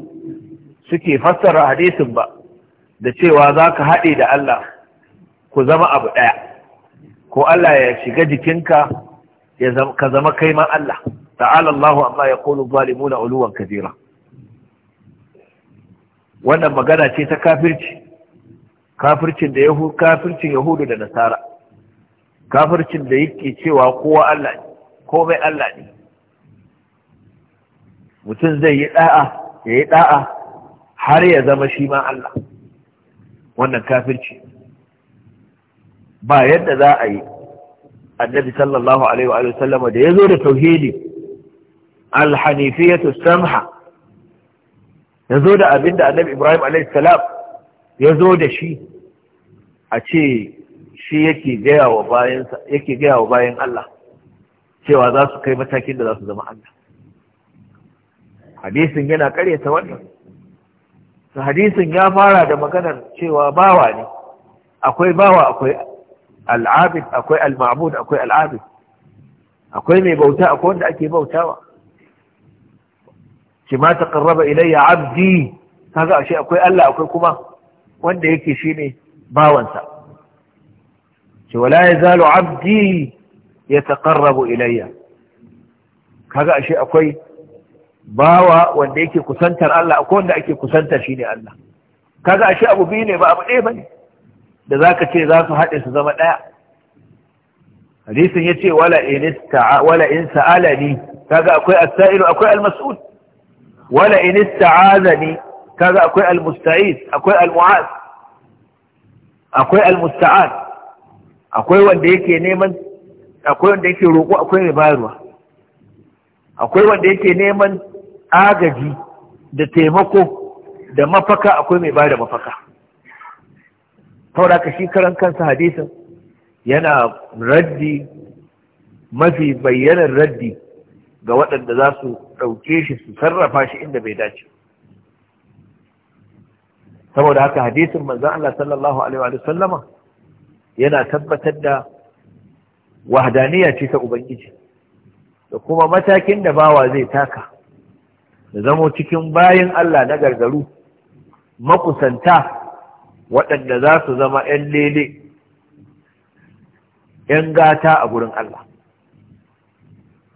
suke fassara hadisin ba da cewa za ka haɗe da Allah ku zama abu ɗaya ko Allah ya shiga jikinka ka zama kaiman Allah ta'ala Allah amma ya kulu zalimuna uluwan kabira wannan magana ce ta kafirci kafircin da yahudu da nasara kafircin da yake cewa kowa Allah ne komai Allah ne mutum zai yi da'a ya yi da'a har ya zama shi ma Allah wannan kafirci ba yadda za a yi annabi sallallahu alaihi wa sallam, da ya zo da tauhidi alhanifiyatu samha ya zo da abinda annabi ibrahim alaihi salam ya zo da shi a ce shi yake gaya wa bayan yake gaya wa bayan Allah cewa za su kai matakin da za su zama Allah hadisin yana karyata wannan su hadisin ya fara da maganar cewa bawa ne akwai bawa akwai al'abid akwai al-ma'bud akwai al'abid akwai mai bauta akwai wanda ake bautawa Ki ma taqarraba ilayya abdi kaga ashe akwai Allah akwai kuma wanda yake shine bawansa ce wala ya zalo abdi ya taƙarrabu ilayya kaga ashe akwai bawa wanda yake kusantar Allah akwai wanda ake kusantar shi ne Allah kaga ashe abu biyu ne ba abu ɗaya ba ne da za ka ce za su haɗe su zama ɗaya hadisin ya ce wala in sa'ala ni kaga akwai asa'ilu akwai wala kaga akwai akwai akwai akwai wanda yake neman akwai wanda yake roƙo akwai mai bayarwa akwai wanda yake neman agaji da taimako da mafaka akwai mai bada mafaka saboda ka shi karan kansa hadisin yana raddi mafi bayyanar raddi ga waɗanda za su ɗauke shi su sarrafa shi inda bai dace saboda haka hadisin manzan Allah sallallahu alaihi wa sallama yana tabbatar da wahdaniya ce ta ubangiji da kuma matakin da bawa zai taka da zamo cikin bayan Allah na gargaru makusanta waɗanda za su zama ‘yan lele ‘yan gata a gurin Allah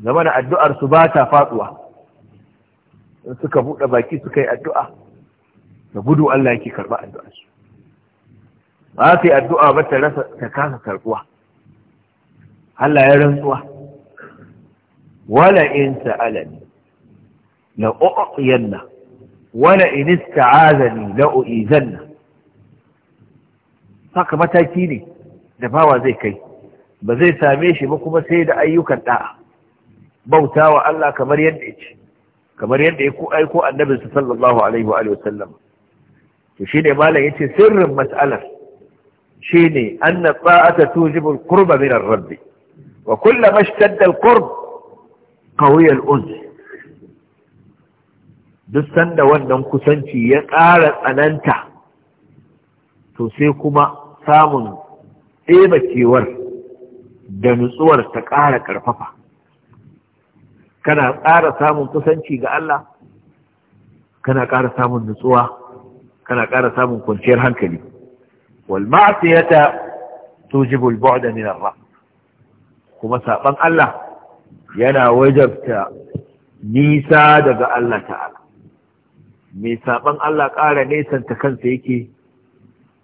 zama da su ba ta faɗuwa in suka buɗe baki suka yi addu'a da gudu Allah yake karɓa addu'arsu ba su yi addu'a ba ta rasa ta kasa karɓuwa Allah ya rantsuwa wala in sa'alani la u'yanna wala in ista'azani la u'izanna haka mataki ne da bawa zai kai ba zai same shi ba kuma sai da ayyukan da'a bauta wa Allah kamar yadda ya ce kamar yadda ya aiko annabinsa sallallahu alaihi wa sallam to shi ne malam yace sirrin mas'alar shine ne, ta'ata tujibu al-qurba min ar-rabb wa kullama ishtadda al-qurb qawiya al duk sanda wannan kusanci ya ƙara tsananta to sai kuma samun ɗebacewar da nutsuwar ta ƙara ƙarfafa kana ƙara samun kusanci ga Allah kana ƙara samun nutsuwa kana ƙara samun kwanciyar hankali والمعصية توجب البعد من الرحمة kuma saban Allah yana wajabta nisa daga Allah ta'ala mai saban Allah ƙara nesanta kansa yake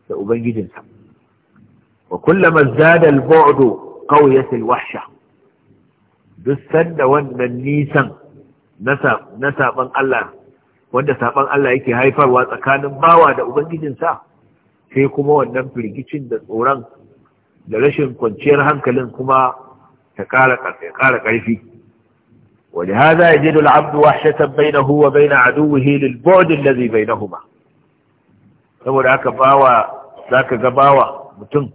da ubangijinsa wa kullama zada al-bu'd qawiyat al-wahsha duk sanda wannan nisan na saban Allah wanda saban Allah yake haifarwa tsakanin bawa da ubangijinsa sai kuma wannan firgicin da tsoron da rashin kwanciyar hankalin kuma ta ƙara ƙarfi wani haza ya al'adu wa shatan bai na huwa bai na aduwu hilin bodin da zai bai na huma saboda aka bawa za ka mutum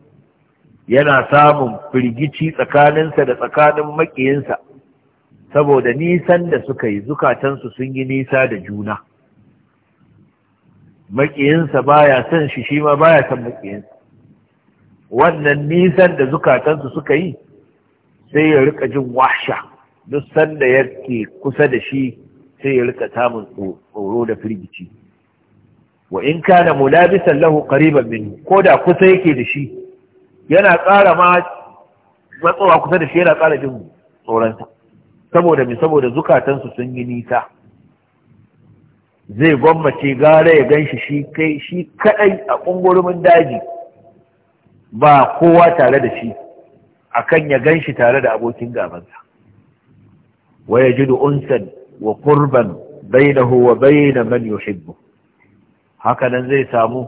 yana samun firgici tsakaninsa da tsakanin maƙiyinsa saboda nisan da suka yi zukatansu sun yi nisa da juna makiyinsa baya son shi shi ma baya son makiyinsa wannan nisan da zukatansu suka yi sai ya rika jin washa duk sanda yake kusa da shi sai ya rika samun tsoro da firgici wa in kana mulabisan lahu qariban min ko da kusa yake da shi yana ƙara ma matsowa kusa da shi yana ƙara jin tsoronsa saboda mi saboda zukatansu sun yi nisa zai gwammace gara ya ganshi shi kai shi kadai a kungurumin daji ba kowa tare da shi akan ya ganshi tare da abokin gabansa wa yajidu unsan wa qurban huwa bai bain man yuhibbu haka nan zai samu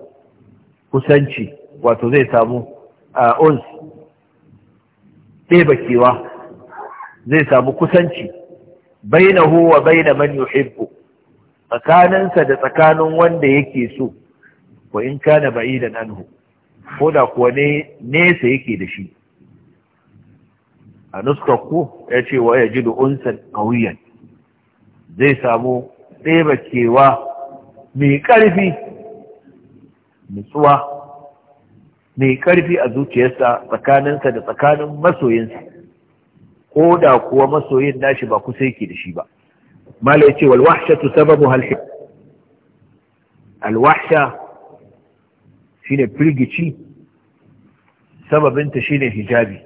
kusanci wato zai samu a uns ɗebakewa zai samu kusanci huwa bai bain man yuhibbu tsakaninsa da tsakanin wanda yake so ko in kana ba'idan nanu ko da kuwa ne nesa yake da shi a nuskar ku ya ce wa ya ji da unsan kauyen? zai samu kewa mai ƙarfi nutsuwa mai ƙarfi a zuciyarsa tsakaninsa da tsakanin masoyinsa ko da kuwa masoyin nashi ba kusa yake da shi ba malai ce wal wahshatu sababu al alwahsha shi shine firgici sababinta ne hijabi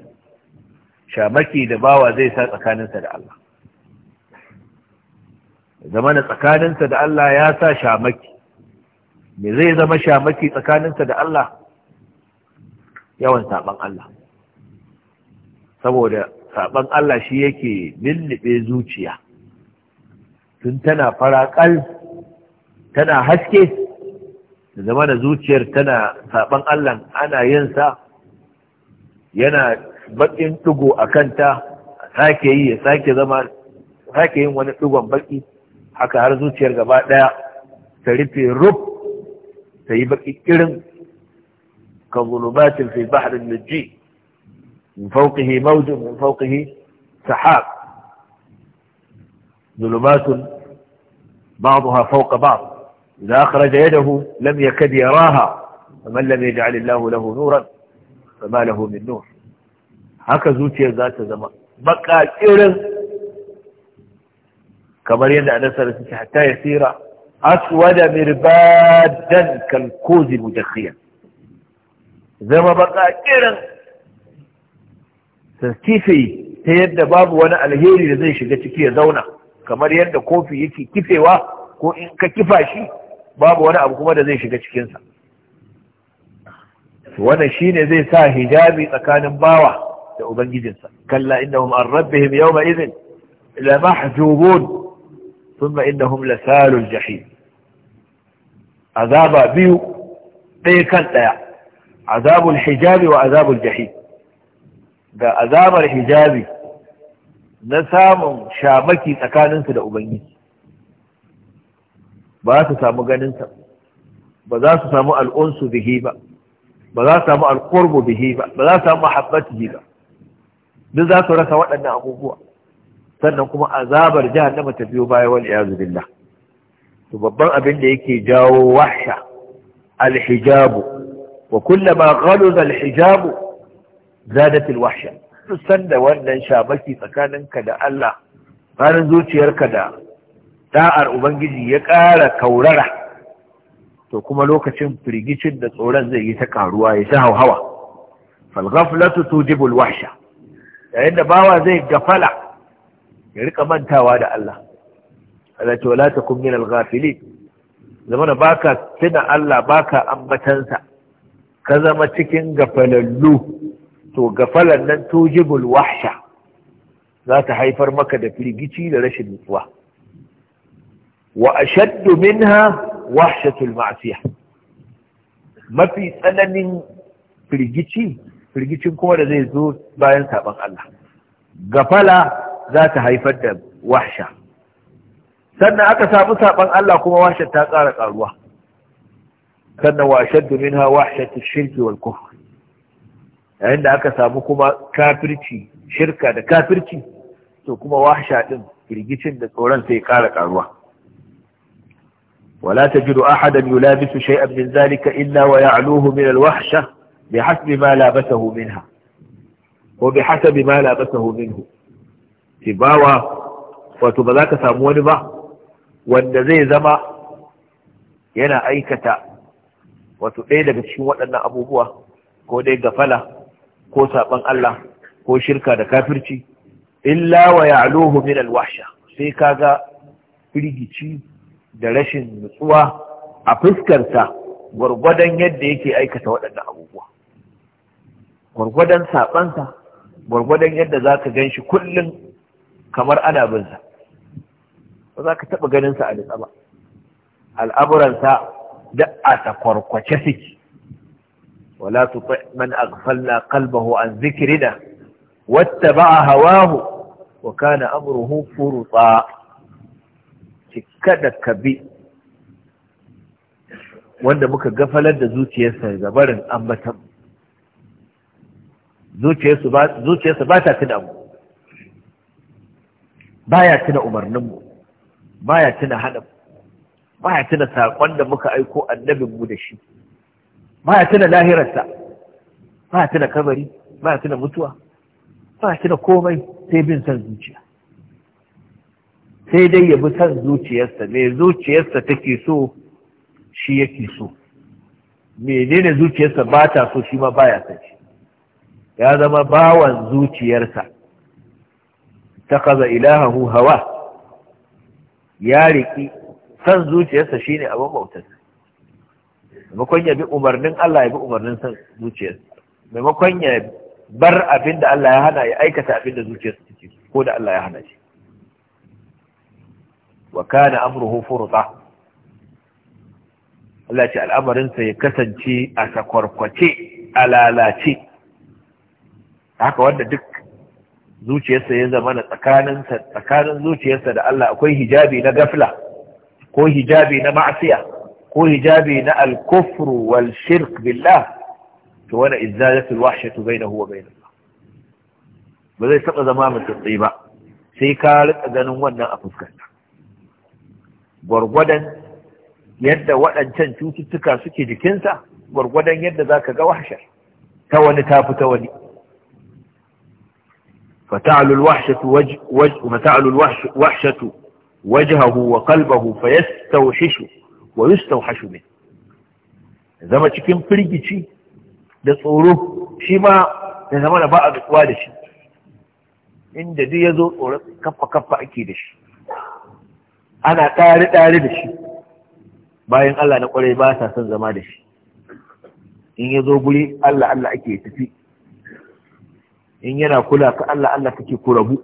shamaki da bawa zai sa tsakaninsa da Allah zama na tsakaninsa da Allah ya sa shamaki me zai zama shamaki tsakaninsa da Allah yawan saban Allah saboda saban Allah shi yake lullube zuciya tun tana faraƙal tana haske da zama da zuciyar tana saɓan Allah ana yinsa yana baƙin ɗigo a kanta sake yi ya sake zama sake yin wani ɗigon baƙi haka har zuciyar gaba ɗaya ta rufe rub ta yi baƙi irin ka zulubatin fi baharin najji in فوقه موج in فوقه sahab ظلمات بعضها فوق بعض إذا أخرج يده لم يكد يراها فمن لم يجعل الله له نورا فما له من نور haka zuciyar za ta zama bakakirin kamar yadda a nasarar suke hatta ya tsira aswada mirbadan kalkozi mujakhiya zama bakakirin ta kife ta yadda babu wani alheri da zai shiga ciki ya zauna kamar yadda kofi yake kifewa ko in ka kifa shi babu wani abu kuma da zai shiga cikinsa wannan shine zai sa hijabi tsakanin bawa da ubangijinsa kalla innahum an rabbihim yawma idhin la mahjubun thumma innahum lasalul jahim azaba biyu ɗaya kan ɗaya azabul hijabi wa azabul jahim ga azabar hijabi na samun shamaki tsakaninsu da ubangiji ba za su samu ganinsa ba za su samu al'unsu bihi ba ba za su samu alƙurbu bihi ba ba za su samu bihi ba duk za su rasa waɗannan abubuwa sannan kuma azabar na ta biyo baya wani ya billah to babban abin da yake jawo washa alhijabu wa kullama ghaludha alhijabu zadat washa. duk da wannan tsakanin tsakaninka da Allah ranar zuciyarka da ta'ar ubangiji ya ƙara kaurara to kuma lokacin firgicin da tsoron zai yi ta karuwa ya ta hauhawa falghaflatu tujibul wahsha yayin da bawa zai gafala ya rika mantawa da Allah Allah ce wala takum minal zama zamana baka tuna Allah baka ambatansa ka zama cikin gafalallu to gafalan nan tujibul wahsha za ta haifar maka da firgici da rashin nutsuwa wa ashaddu minha wahshatul ma'siyah mafi tsananin firgici firgicin kuma da zai zo bayan saban Allah gafala za ta haifar da wahsha sannan aka samu saban Allah kuma wahshar ta ƙara ƙaruwa sannan wa ashaddu minha wahshatul shirki wal kufr yayin da aka samu kuma kafirci shirka da kafirci to kuma wahsha din girgicin da tsoron sai kara karuwa wala tajidu ahadan yulabisu shay'an min zalika illa wa ya'luhu min alwahsha bihasbi ma labasahu minha ko bihasabi ma labasahu minhu tibawa wato baza za ka samu wani ba wanda zai zama yana aikata wato ɗaya daga cikin waɗannan abubuwa ko dai gafala fala ko saban Allah ko shirka da kafirci illa wa ya'luhu min alwahsha sai kaga firgici da rashin nutsuwa a fuskarsa gwargwadon yadda yake aikata waɗannan abubuwa gwargwadon sabansa gwargwadon yadda za ka gan kullum kamar ana binsa ba za ka taɓa ganinsa a nutsa ba al'amuransa da a takwarkwace suke ولا تطع من أغفلنا قلبه عن ذكرنا واتبع هواه وكان أمره فرطا كدك بي wanda muka gafalar da zuciyarsa ga barin ambatan zuciyarsa ba ta tuna mu ba ya tuna umarninmu ba ya tuna hana ba ya tuna saƙon da muka aiko annabinmu da shi ba ya tuna lahirarsa ba ya tuna kabari ba ya tuna mutuwa ba ya tuna komai sai bin san zuciya sai dai ya bi san zuciyarsa me zuciyarsa take so shi yake so menene zuciyarsa ba ta so shi ma baya san shi ya zama bawan zuciyarsa ta kaza ilahahu hawa ya riƙi san zuciyarsa shine abin bautarsa maimakon ya bi umarnin Allah ya bi umarnin san zuciyarsa maimakon ya bar abin da Allah ya hana ya aikata abin da zuciyarsa take ko da Allah ya hana shi wa kana amruhu furta Allah ya ce al'amarinsa ya kasance a sakwarkwace a lalace haka wanda duk zuciyarsa ya zama na tsakanin zuciyarsa da Allah akwai hijabi na gafla ko hijabi na ma'asiya هوني جابي نأى الكفر والشرك بالله كوانا إزادت الوحشة بينه وبين الله بذي سقى زمامة الطيبة سي كالت أذنو وانا أفسك برغدا يدى وانا تنشو تتكا سكي جكنسا برغدا يدى ذاك وحشة تواني تافو تواني فتعلو الوحشة وجه وجه فتعلو الوحشة وحشة وجهه وقلبه فيستوحشه wa yustawhashu min zama cikin firgici da tsoro shi ma ya zama da ba a nutsuwa da shi inda duk ya zo tsoron kaffa kaffa ake da shi ana tare tare da shi bayan Allah na ƙwarai ba sa son zama da shi in ya zo guri Allah Allah ake tafi in yana kula ka Allah Allah kake ku rabu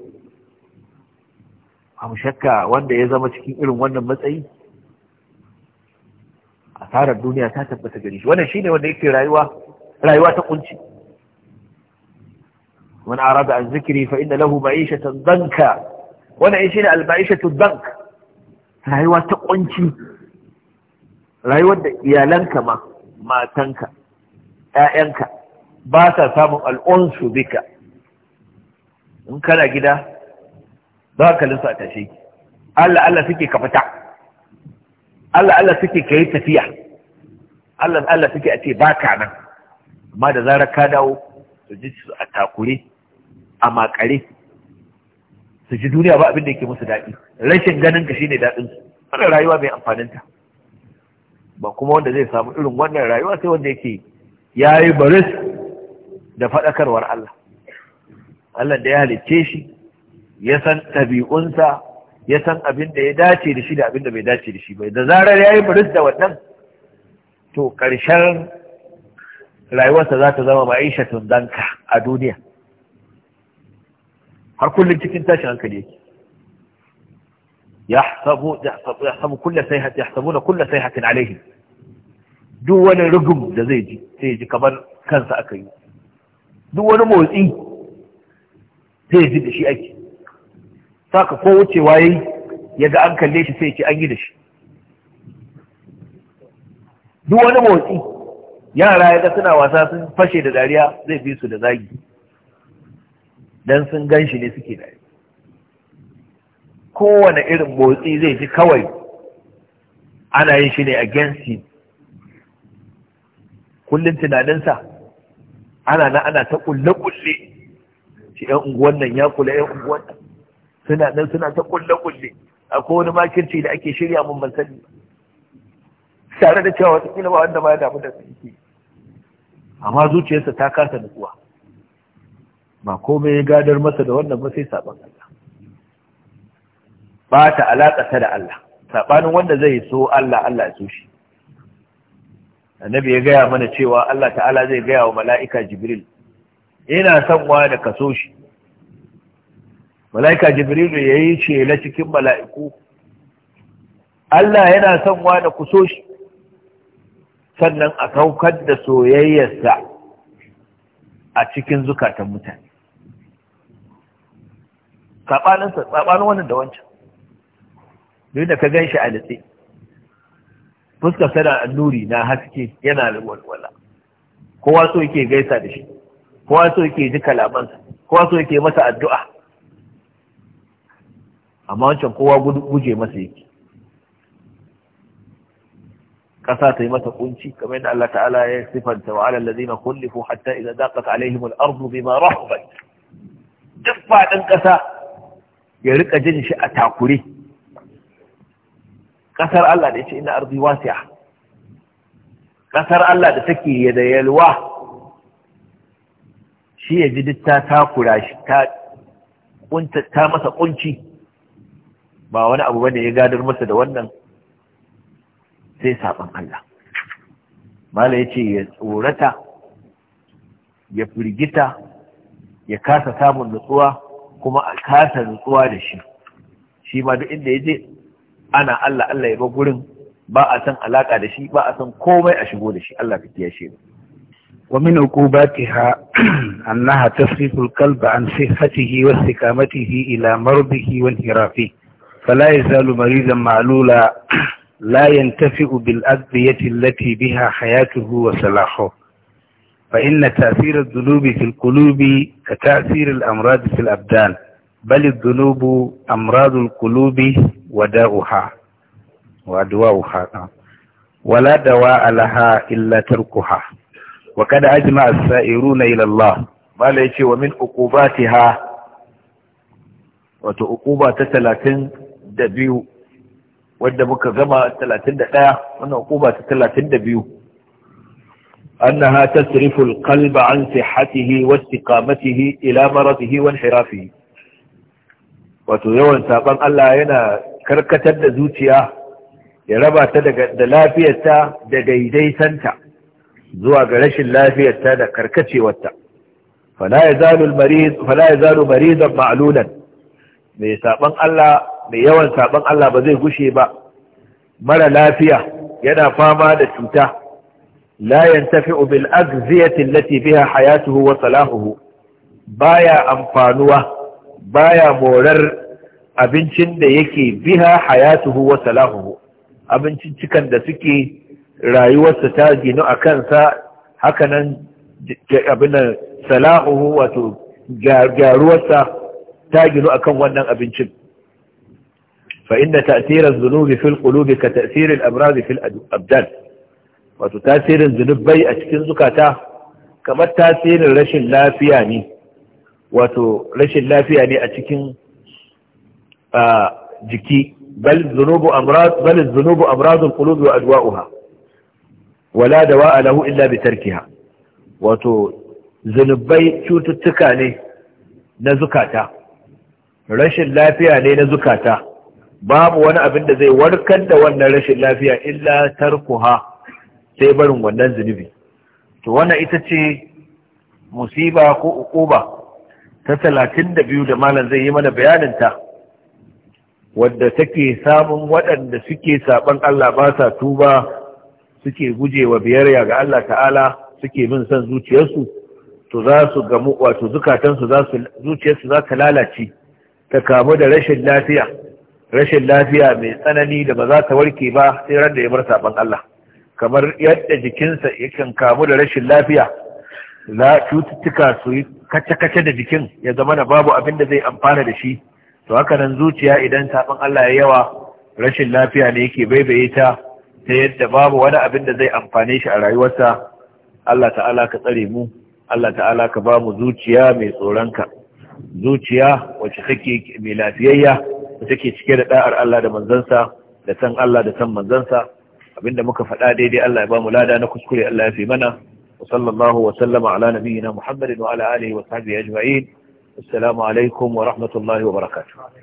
a shakka wanda ya zama cikin irin wannan matsayi hasarar duniya ta tabbata gare shi wannan shine wanda yake rayuwa rayuwa ta kunci man arada an zikri fa inna lahu ma'ishatan danka wannan shine al-ma'ishatu dank rayuwa ta kunci rayuwar da iyalanka ma matanka ƴaƴanka ba sa samun al'unsu bika in kana gida za ka linsa a tashe Allah Allah suke ka fita Allah Allah suke kai tafiya Allah Allah suke a ce ba ka nan amma da zarar ka dawo su ji su a takure a makare su ji duniya ba abin da yake musu daɗi rashin ganin ka shine daɗin su wannan rayuwa mai amfanin ta ba kuma wanda zai samu irin wannan rayuwa sai wanda yake Ya yi baris da faɗakarwar Allah Allah da ya halicce shi ya san tabi'unsa ya san abin da ya dace da shi da abin da bai dace da shi bai da zarar ya yi baris da wannan to ƙarshen rayuwarsa za ta zama ma'aishatun danka a duniya har kullum cikin tashin hankali yake Ya sabu na yahsabuna kulla sayhatin alaihim duk wani rugun da zai ji sai ya ji kamar kansa aka yi duk wani motsi sai ya ji da shi ake saka ko wucewa yayi ya ga an kalle shi sai ya an yi da shi duk wani motsi yara ya ga suna wasa sun fashe da dariya zai fi su da zagi don sun gan shi ne suke dariya kowane irin motsi zai ji kawai ana yin shi ne against him kullum tunaninsa ana na ana ta kulle-kulle shi ‘yan unguwan nan ya kula ‘yan unguwan nan suna nan suna ta kulle-kulle akwai wani makirci da ake shirya mun ban sani ba tare da cewa watakila ba wanda ba ya damu da su yake amma zuciyarsa ta kasa nutsuwa ba komai ya gadar masa da wannan masai saɓan Allah ba ta alaƙa ta da Allah saɓanin wanda zai so Allah Allah ya so shi annabi ya gaya mana cewa Allah ta'ala zai gaya wa mala'ika jibril ina son wa da kaso shi mala'ika Jibril ya yi shela cikin mala'iku Allah yana son wa da kuso shi sannan a saukar da soyayyarsa a cikin zukatan mutane saɓaninsa saɓanin wannan da wancan duk da ka gan shi a litse fuskar sana annuri na haske yana da walwala kowa so yake gaisa da shi kowa so yake ji kalamansa kowa so yake masa addu'a amma wancan kowa guje masa yake ƙasa ta yi masa kunci kamar yadda Allah ta'ala ya sifanta wa alal ladina kullifu hatta idza daqat alaihim al-ardu bima rahabat duk fadin ƙasa ya rika jin shi a takure ƙasar Allah da yace inna ardi wasi'a ƙasar Allah da take da yalwa shi ya ji duk ta takura shi ta masa kunci ba wani abu bane ya gadar masa da wannan sai saban Allah mala yace ya tsorata ya firgita ya kasa samun nutsuwa kuma a kasa nutsuwa da shi shi ma duk inda yaje ana Allah Allah ya ba gurin ba a san alaƙa da shi ba a san komai a shigo da shi Allah ka kiyashe mu ومن عقوباتها أنها تصرف القلب عن صحته واستقامته إلى مرضه وانحرافه فلا يزال مريضا معلولا لا ينتفع بالأدوية التي بها حياته وصلاحه فإن تأثير الذنوب في القلوب كتأثير الأمراض في الأبدان بل الذنوب أمراض القلوب وداؤها وأدواؤها ولا دواء لها إلا تركها وقد أجمع السائرون إلى الله بل يتي ومن عقوباتها وتعقوبة دبيو wadda muka gama 31 wannan hukuma ta 32 annaha tasrifu alqalba an sihhatihi wa istiqamatihi ila maradihi wa inhirafihi wato yawan saban Allah yana karkatar da zuciya ya raba ta da lafiyarta da daidaitanta zuwa ga rashin lafiyarta da karkacewarta fala yazalu almarid fala yazalu maridan ma'lulan mai saban Allah mai yawan saban Allah ba zai gushe ba mara lafiya yana fama da cuta la yantafi'u bil aghziyati allati fiha hayatuhu wa salahuhu baya amfanuwa baya morar abincin da yake biha hayatuhu wa salahuhu abincin cikan da suke rayuwarsa ta ginu a kansa hakanan abinan salahuhu wato gyaruwarsa ta ginu akan wannan abincin فإن تأثير الذنوب في القلوب كتأثير الأمراض في الأبدان وتتأثير الذنوب بي أتكين زكاتا كما تأثير رشي اللافياني وترشي اللافياني أتكين آه جكي بل الذنوب أمراض بل الذنوب أمراض القلوب وأدواؤها ولا دواء له إلا بتركها wato zunubai cututtuka ne na zukata rashin lafiya ne na zukata babu wani abin da zai warkar da wannan rashin lafiya illa tarkuha sai barin wannan zunubi to wannan ita ce musiba ko uquba ta talatin da da malam zai yi mana bayanin ta Wanda take samun waɗanda suke saɓan Allah ba sa tuba suke gujewa biyarya ga Allah ta'ala suke bin son zuciyarsu to za su gamu wato zukatansu za su zuciyarsu za ta lalace ta kamu da rashin lafiya rashin lafiya mai tsanani da ba za ta warke ba sai ran da ya bar saban Allah kamar yadda jikinsa yakan kamu da rashin lafiya za cututtuka su yi kace-kace da jikin ya zama na babu abin da zai amfana da shi to haka nan zuciya idan saban Allah ya yawa rashin lafiya ne yake baibaye ta ta yadda babu wani abin da zai amfane shi a rayuwarsa Allah ta'ala ka tsare mu Allah ta'ala ka ba mu zuciya mai tsoronka zuciya wacce take mai lafiyayya da take cike da da'ar Allah da manzansa da san Allah da san manzansa abinda muka faɗa daidai Allah ya ba mu lada na kuskure Allah ya fi mana wa sallallahu wa sallama ala nabiyyina Muhammadin wa ala alihi wa sahbihi ajma'in assalamu alaikum wa rahmatullahi wa barakatuh